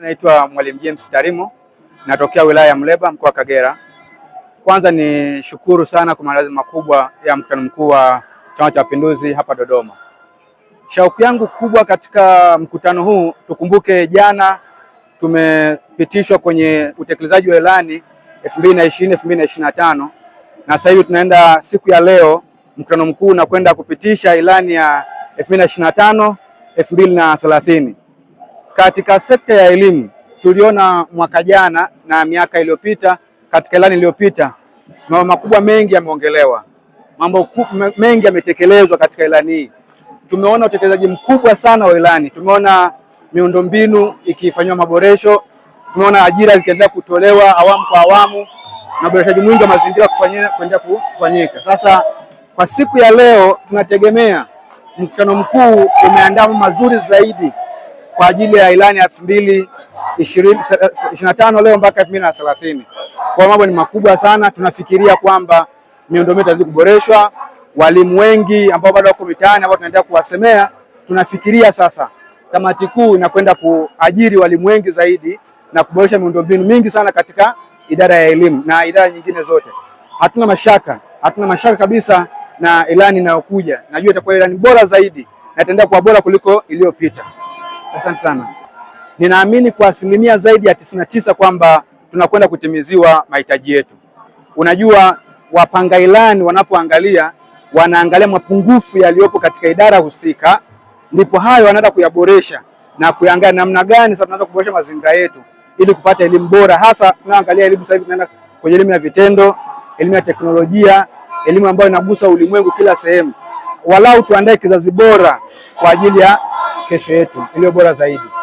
Naitwa Mwalimu James Tarimo, natokea wilaya ya Muleba, mkoa wa Kagera. Kwanza ni shukuru sana kwa maandalizi makubwa ya mkutano mkuu wa Chama cha Mapinduzi hapa Dodoma. Shauku yangu kubwa katika mkutano huu, tukumbuke jana tumepitishwa kwenye utekelezaji wa ilani 2020 2025 na sasa hivi tunaenda siku ya leo mkutano mkuu na kwenda kupitisha ilani ya 2025 2030. Katika sekta ya elimu tuliona mwaka jana na miaka iliyopita, katika ilani iliyopita mambo makubwa mengi yameongelewa, mambo mengi yametekelezwa katika ilani hii. Tumeona utekelezaji mkubwa sana wa ilani, tumeona miundombinu ikifanyiwa maboresho, tumeona ajira zikiendelea kutolewa awamu kwa awamu na uboreshaji mwingi wa mazingira kuendelea kufanyika. Sasa kwa siku ya leo tunategemea mkutano mkuu umeandaa mazuri zaidi kwa ajili ya ilani ya elfu mbili ishirini na tano leo mpaka elfu mbili na thelathini. Kwa mambo ni makubwa sana, tunafikiria kwamba miundombinu itazidi kuboreshwa. Walimu wengi ambao bado wako mitaani ambao tunaendelea kuwasemea, tunafikiria sasa kamati kuu inakwenda kuajiri walimu wengi zaidi na kuboresha miundombinu mingi sana katika idara ya elimu na idara nyingine zote. Hatuna mashaka, hatuna mashaka kabisa na ilani inayokuja, najua itakuwa ilani bora zaidi na itaendelea kuwa bora kuliko iliyopita. Asante sana. Ninaamini kwa asilimia zaidi ya tisini na tisa kwamba tunakwenda kutimiziwa mahitaji yetu. Unajua, wapanga ilani wanapoangalia wanaangalia mapungufu yaliyopo katika idara husika, ndipo hayo wanaenda kuyaboresha na kuangalia namna gani sasa tunaweza kuboresha mazingira yetu ili kupata elimu bora, hasa tunaangalia elimu sasa hivi tunaenda kwenye elimu ya vitendo, elimu ya teknolojia, elimu ambayo inagusa ulimwengu kila sehemu, walau tuandae kizazi bora kwa ajili ya kesho yetu iliyo bora zaidi.